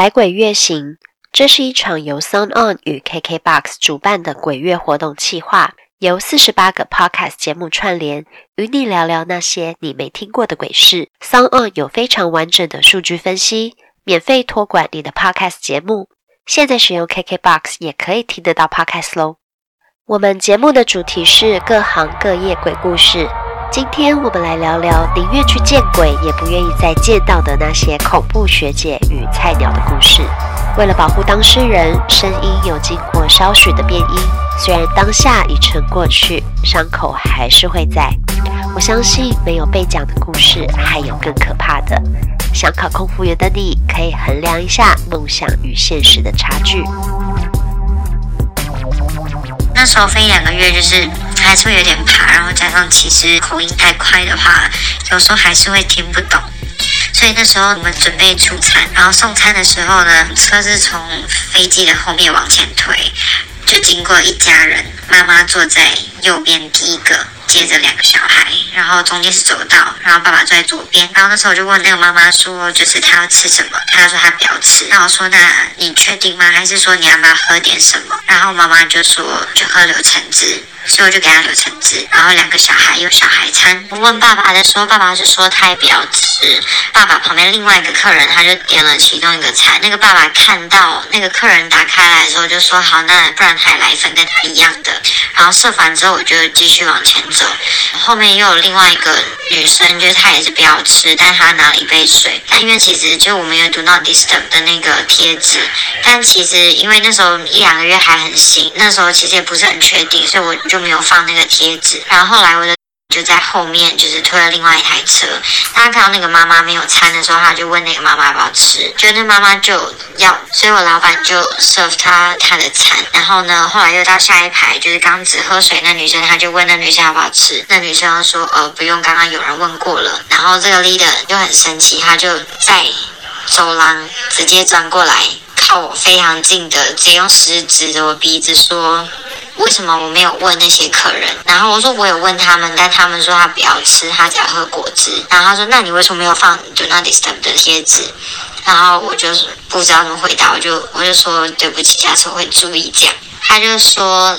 百鬼月行，這是一場由 SoundOn 與 KKBOX 主辦的鬼月活動企劃，由48個 podcast 節目串聯，與你聊聊那些你沒聽過的鬼事。SoundOn 有非常完整的數據分析，免費托管你的 podcast 節目。現在使用 KKBOX 也可以聽得到 podcast 咯。我們節目的主題是各行各業鬼故事。今天我們來聊聊寧願去見鬼也不願意再見到的那些恐怖學姐與菜鳥的故事。為了保護當事人，聲音有經過稍許的變音。雖然當下已成過去，傷口還是會在。我相信沒有被講的故事還有更可怕的。想考空服員的你可以衡量一下夢想與現實的差距。那時候飛兩個月就是，還是會有點怕，然後加上其實口音太快的話，有時候還是會聽不懂。所以那時候我們準備出餐，然後送餐的時候呢，車是從飛機的後面往前推，就經過一家人，媽媽坐在右邊第一個，接着兩個小孩，然後中間是走道，然後爸爸坐在左邊。然後那時候我就問那個媽媽說，就是她要吃什麼？她說她不要吃。那我說那你確定嗎？還是說你要不要喝點什麼？然後媽媽就說就喝柳橙汁。所以我就給他留橙汁，然後兩個小孩有小孩餐。我問爸爸的時候，爸爸就說他也不要吃。爸爸旁邊另外一個客人，他就點了其中一個菜。那個爸爸看到那個客人打開來的時候，就說好，那不然他也來一份跟他一樣的。然後說完之後，我就繼續往前走。後面又有另外一個女生，就是她也是不要吃，但她拿了一杯水。但因為其實就我們有 “Do Not Disturb” 的那個貼紙，但其實因為那時候一兩個月還很新，那時候其實也不是很確定，所以我。就沒有放那個貼紙，然後後來我就就在後面，就是推了另外一台車。他看到那個媽媽沒有餐的時候，他就問那個媽媽要不要吃，就那媽媽就要，所以我老板就 serve 他他的餐。然後呢，後來又到下一排，就是剛只喝水那女生，他就問那女生要不要吃，那女生就說呃不用，剛剛有人問過了。然後這個 leader 就很生氣，他就在走廊直接轉過來，到我非常近的，直接用食指着我鼻子說：“為什麼我沒有問那些客人？”然後我說：“我有問他們，但他們說他不要吃，他只要喝果汁。”然後他說：“那你為什麼沒有放 do not disturb 的貼紙？”然後我就是不知道怎麼回答，我就我就說：“對不起，下次我會注意。”這樣他就說。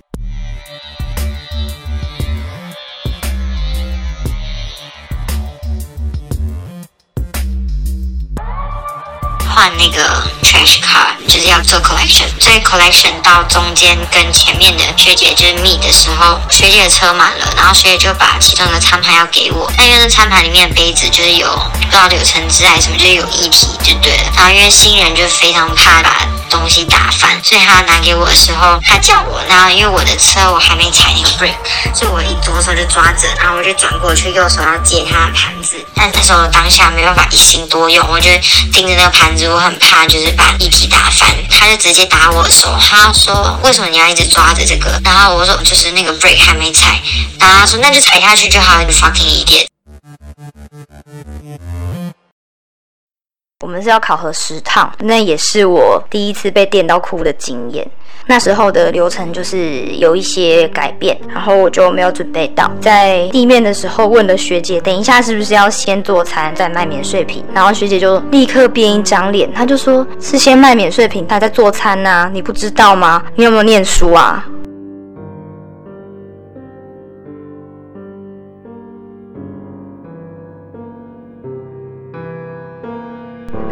換那個 trash car 就是要做 collection，所以 collection 到中間跟前面的學姐就是 meet 的時候，學姐的車滿了，然後學姐就把其中一個餐盤要給我，但因為那餐盤裡面的杯子就是有不知道柳橙汁還是什麼，就是、有液體就對了。然後因為新人就非常怕把東西打翻，所以他拿給我的時候，他叫我，然後因為我的車我還沒踩那個 brake，所以我一左手就抓着，然後我就轉過去右手要接他的盤子，但那時候當下沒有辦法一心多用，我就盯着那個盤子。我很怕，就是把一體打翻，他就直接打我的手。他說：“為什麼你要一直抓着這個？”然後我說：“就是那個 brake 還沒踩。”然後他說：“那就踩下去就好。”你 fucking idiot。我們是要考核十趟，那也是我第一次被電到哭的經驗。那時候的流程就是有一些改變，然後我就沒有準備到，在地面的時候問了學姐，等一下是不是要先做餐再賣免稅品？然後學姐就立刻變一張臉，她就說是先賣免稅品，再做餐吶、啊，你不知道嗎？你有沒有念書啊？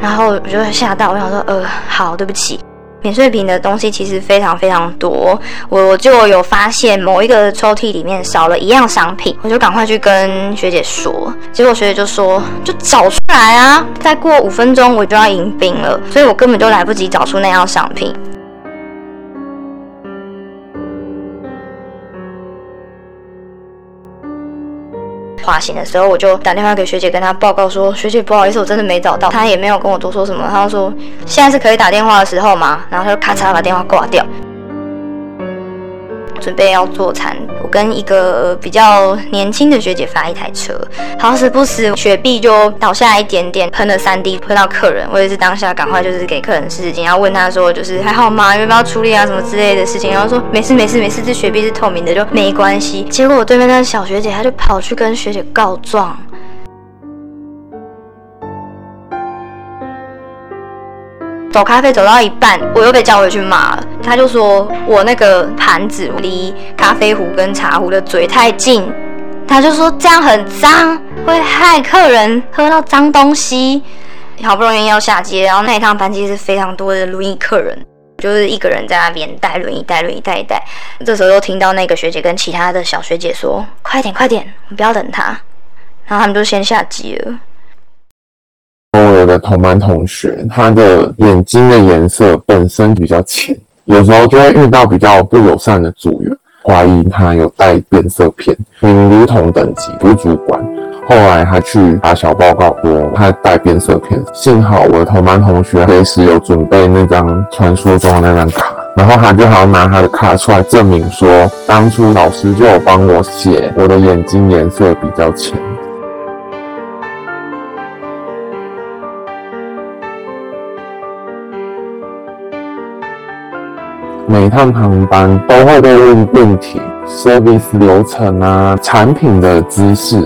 然後我就會嚇到，我想說，呃，好，對不起。免稅品的東西其實非常非常多，我就有發現某一個抽屜裡面少了一樣商品，我就趕快去跟學姐說。結果學姐就說，就找出來啊！再過五分鐘我就要迎賓了，所以我根本就來不及找出那樣商品。髮型的時候，我就打電話給學姐，跟她報告說：“學姐，不好意思，我真的沒找到。”她也沒有跟我多說什麼，她說：“現在是可以打電話的時候嘛。”然後她就咔嚓把電話掛掉。準備要做餐，我跟一個比較年輕的學姐發一台車，好死不死，雪碧就倒下來一點點，噴了三滴，噴到客人。我也是當下趕快就是給客人紙巾，然後問他說就是還好嗎？要不要處理啊什麼之類的事情，然後說沒事沒事沒事，這雪碧是透明的，就沒關係。結果我對面那個小學姐，她就跑去跟學姐告狀。走咖啡走到一半，我又被叫回去罵了。他就說我那個盤子離咖啡壺跟茶壺的嘴太近，他就說這樣很髒，會害客人喝到髒東西。好不容易要下機，然後那一趟班機是非常多的輪椅客人，就是一個人在那邊帶輪椅帶輪椅帶一帶。這時候又聽到那個學姐跟其他的小學姐說：“快點快點，不要等他。”然後他們就先下機了。我的同班同學，他的眼睛的顏色本身比較淺，有時候就會遇到比較不友善的組員，懷疑他有帶變色片。明如同等級、如主管，後來還去打小報告說他帶變色片。幸好我的同班同學隨時有準備那張傳說中的那張卡，然後他就好拿他的卡出來證明說，當初老師就有幫我寫我的眼睛顏色比較淺。每一趟航班都會被問問題，service 流程啊，產品的知識，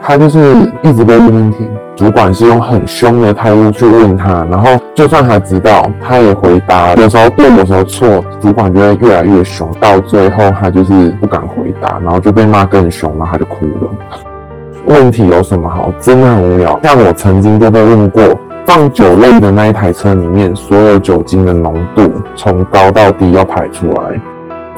他就是一直都被問題，主管是用很凶的態度去問他，然後就算他知道，他也回答，有時候對，有時候錯，主管就會越來越凶，到最後他就是不敢回答，然後就被罵更凶了，然後他就哭了。問題有什麼好？真的很無聊。像我曾經就被問過。放酒類的那一台車裡面，所有酒精的濃度從高到低要排出來。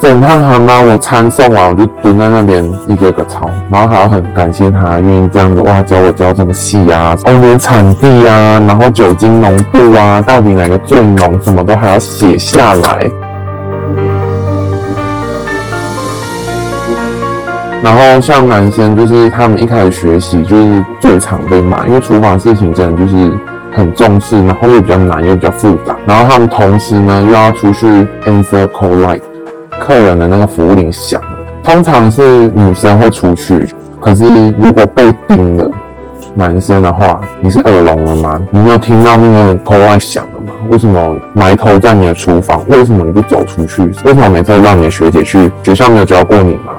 整趟航班、啊、我餐送完我就蹲在那邊一個個抄，然後還要很感謝他願意這樣子哇，教我教這麼細啊，包括產地啊，然後酒精濃度啊，到底哪個最濃，什麼都還要寫下來。然後像男生，就是他們一開始學習，就是最常被罵，因為廚房的事情真的就是。很重視，然後又比較難，又比較複雜。然後他們同時呢，又要出去 answer call light 客人的那個服務鈴響了。通常是女生會出去，可是如果被叮了，男生的話，你是耳聾了嗎？你沒有聽到那個 call light 響了嗎？為什麼埋頭在你的廚房？為什麼你不走出去？為什麼每次讓你的學姐去？學校沒有教過你嗎？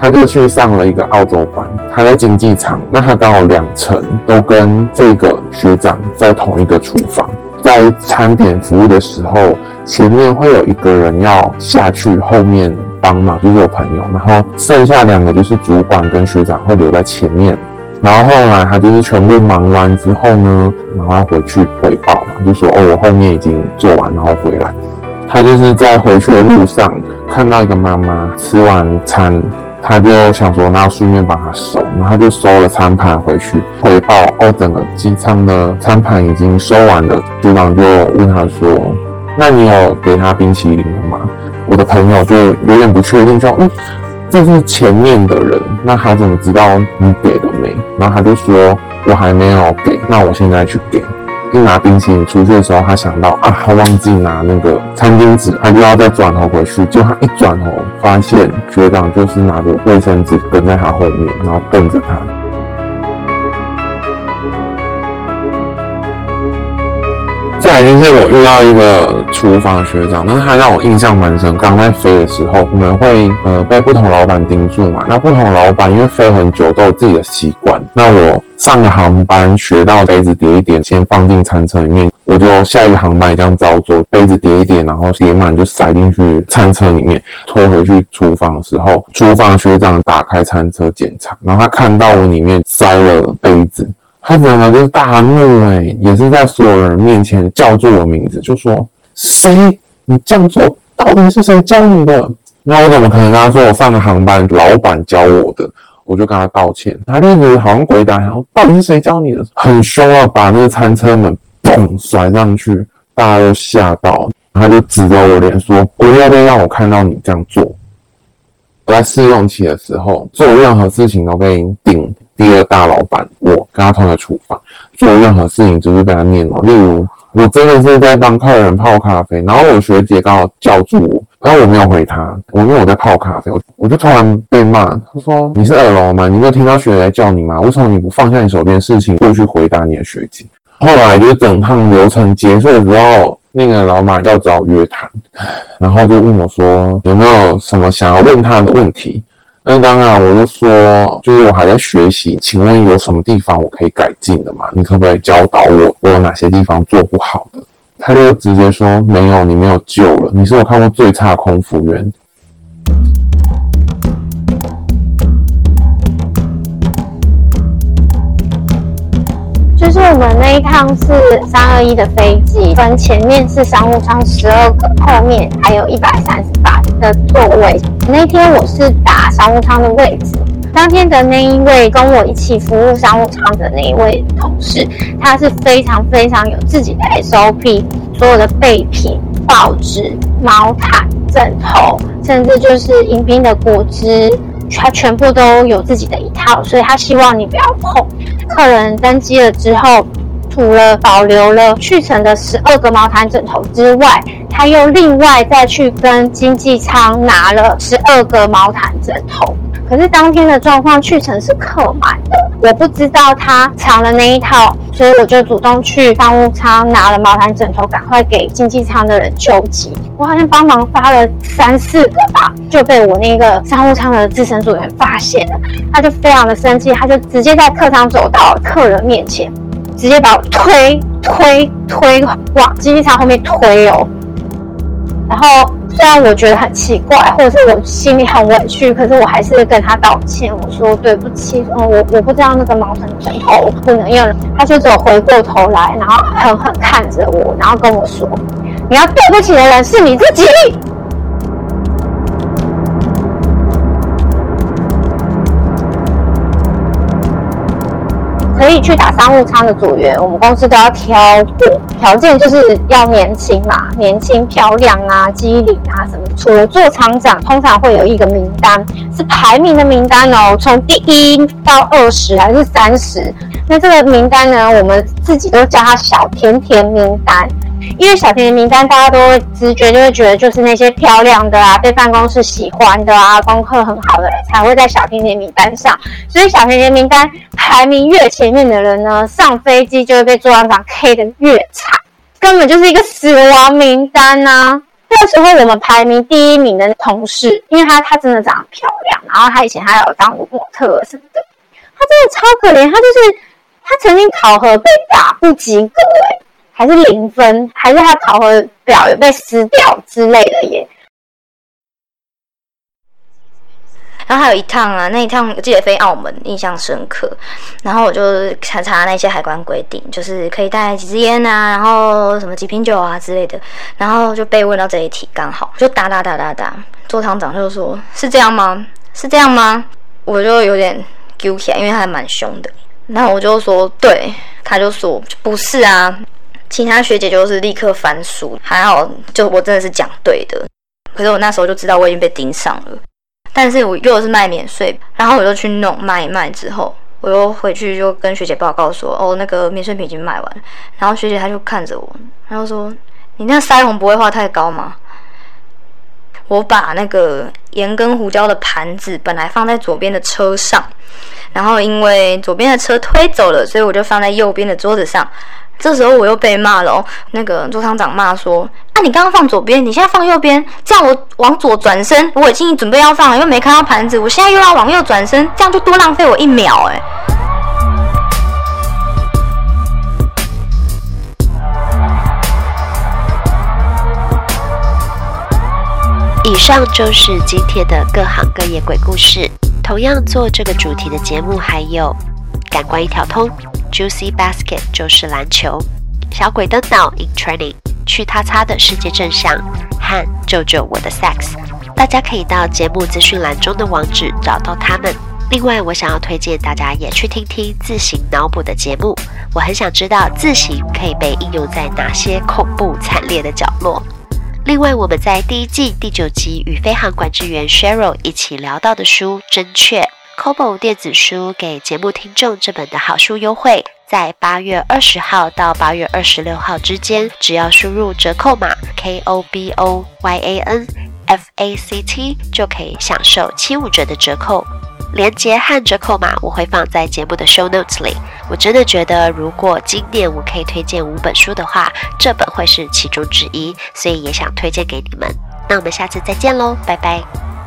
他就去上了一個澳洲班，他在經濟艙。那他剛好兩層都跟這個學長在同一個廚房，在餐點服務的時候，前面會有一個人要下去，後面幫忙，就是我朋友。然後剩下兩個就是主管跟學長會留在前面。然後後來他就是全部忙完之後呢，然後回去匯報嘛，就說哦，我後面已經做完，然後回來。他就是在回去的路上看到一個媽媽吃完餐。他就想說那順便把它收，然後他就收了餐盤回去回報。哦，整個機艙的餐盤已經收完了。組長就問他說：“那你有給他冰淇淋了嗎？”我的朋友就有點不確定，說：“嗯，就是前面的人，那他怎麼知道你給了沒？”然後他就說：“我還沒有給，那我現在去給。”一拿冰淇淋出去的時候，他想到啊，他忘記拿那個餐巾紙，他就要再轉頭回去。就他一轉頭，發現學長就是拿着衛生紙跟在他後面，然後瞪着他。再來就是我遇到一個。廚房的學長，那他讓我印象蠻深。剛在飛的時候，我們會呃被不同老板盯住嘛。那不同老板因為飛很久都有自己的習慣。那我上個航班學到杯子疊一點，先放進餐車裡面，我就下一個航班一樣照做。杯子疊一點，然後疊滿就塞進去餐車裡面，拖回去廚房的時候，廚房學長打開餐車檢查，然後他看到我裡面塞了杯子，他怎麼就是大怒哎，也是在所有人面前叫住我名字，就說。誰？你這樣做，到底是誰教你的？那我怎麼可能跟、啊、他說我上了航班？老板教我的，我就跟他道歉。他一直好像鬼打牆，然後到底是誰教你的？很凶啊，把那個餐車門砰甩上去，大家都嚇到。他就指着我臉說：“不要再讓我看到你這樣做。”我在試用期的時候，做任何事情都被頂第二大老板，我跟他同在廚房做任何事情，只是被他念叨。例如。我真的是在幫客人泡咖啡，然後我學姐剛好叫住我，然後我沒有回他，我因為我在泡咖啡，我我就突然被罵，他說你是耳聾嗎？你沒有聽到學姐叫你嗎？為什麼你不放下你手邊的事情過去回答你的學姐？後來就是整趟流程結束之後，那個老馬要找我約談，然後就問我說有沒有什麼想要問他的問題。那當然，我就說，就是我還在學習，請問有什麼地方我可以改進的嗎？你可不可以教導我，我有哪些地方做不好的？他就直接說，沒有，你沒有救了，你是我看過最差的空服員。就是我們那一趟是三二一的飛機，從前面是商務艙十二個，後面還有一百三十八。的座位，那天我是打商務艙的位置，當天的那一位跟我一起服務商務艙的那一位同事，他是非常非常有自己的 SOP，所有的備品、報紙、毛毯、枕頭，甚至就是迎賓的果汁，他全部都有自己的一套，所以他希望你不要碰。客人登機了之後，除了保留了去程的十二個毛毯枕頭之外，他又另外再去跟經濟艙拿了十二個毛毯枕頭。可是當天的狀況，去程是客滿的，我不知道他藏了那一套，所以我就主動去商務艙拿了毛毯枕頭，趕快給經濟艙的人救急。我好像幫忙發了三四個吧，就被我那個商務艙的資深組員發現了，他就非常的生氣，他就直接在客艙走到了客人面前。直接把我推推推往經濟艙後面推哦，然後雖然我覺得很奇怪，或者是我心裡很委屈，可是我還是跟他道歉，我說對不起，哦、我，我不知道那個毛絨枕頭我不能用了。因為他就只有回過頭來，然後狠狠看着我，然後跟我說：“你要對不起的人是你自己。”可以去打商務艙的組員，我們公司都要挑，條件就是要年輕嘛，年輕漂亮啊，機靈啊什麼。除了做座艙長通常會有一個名單，是排名的名單哦，從第一到二十還是三十，那這個名單呢，我們自己都叫它小甜甜名單。因為小甜甜名單，大家都直覺就會覺得，就是那些漂亮的啊，被辦公室喜歡的啊，功課很好的才會在小甜甜名單上。所以小甜甜名單排名越前面的人呢，上飛機就會被座艙長 K 的越慘，根本就是一個死亡名單呢、啊。那時候我們排名第一名的同事，因為他他真的長得漂亮，然後他以前還有當模特什麼的，他真的超可憐。他就是他曾經考核被打不及格、欸。還是零分，還是他考核表有被撕掉之類的耶？然後還有一趟啊，那一趟我記得飛澳門，印象深刻。然後我就查查那些海關規定，就是可以帶幾支煙啊，然後什麼幾瓶酒啊之類的。然後就被問到這一題，剛好就噠噠噠噠噠，座艙長就說：“是這樣嗎？是這樣嗎？”我就有點丟臉，因為他還蠻兇的。然後我就說：“對。”他就說：“就不是啊。”其他學姐就是立刻翻書，還好，就我真的是講對的。可是我那時候就知道我已經被盯上了，但是我又是賣免稅，然後我就去弄、NO，賣一賣之後，我又回去就跟學姐報告說，哦，那個免稅品已經賣完了。然後學姐她就看着我，她就說：“你那腮紅不會畫太高嗎？”我把那個鹽跟胡椒的盤子本來放在左邊的車上，然後因為左邊的車推走了，所以我就放在右邊的桌子上。這時候我又被罵了哦，那個周廠長罵說：“啊，你剛剛放左邊，你現在放右邊，這樣我往左轉身，我已經準備要放，又沒看到盤子，我現在又要往右轉身，這樣就多浪費我一秒。”哎。以上就是今天的各行各業鬼故事。同樣做這個主題的節目還有《感官一條通》。Juicy Basket 就是籃球，小鬼的腦 in training，去他他的世界正向，和救救我的 sex，大家可以到節目資訊欄中的網址找到他們。另外，我想要推薦大家也去聽聽字型腦補的節目，我很想知道字型可以被應用在哪些恐怖慘烈的角落。另外，我們在第一季第九集與飛航管制員 Cheryl 一起聊到的書《真確》。Kobo 電子書，給節目聽眾這本的好書優惠，在八月二十號到八月二十六號之間，只要輸入折扣碼 K O B O Y A N F A C T 就可以享受七五折的折扣。連結和折扣碼我會放在節目的 show notes 裡。我真的覺得，如果今年我可以推薦五本書的話，這本會是其中之一，所以也想推薦給你們。那我們下次再見嘍，拜拜。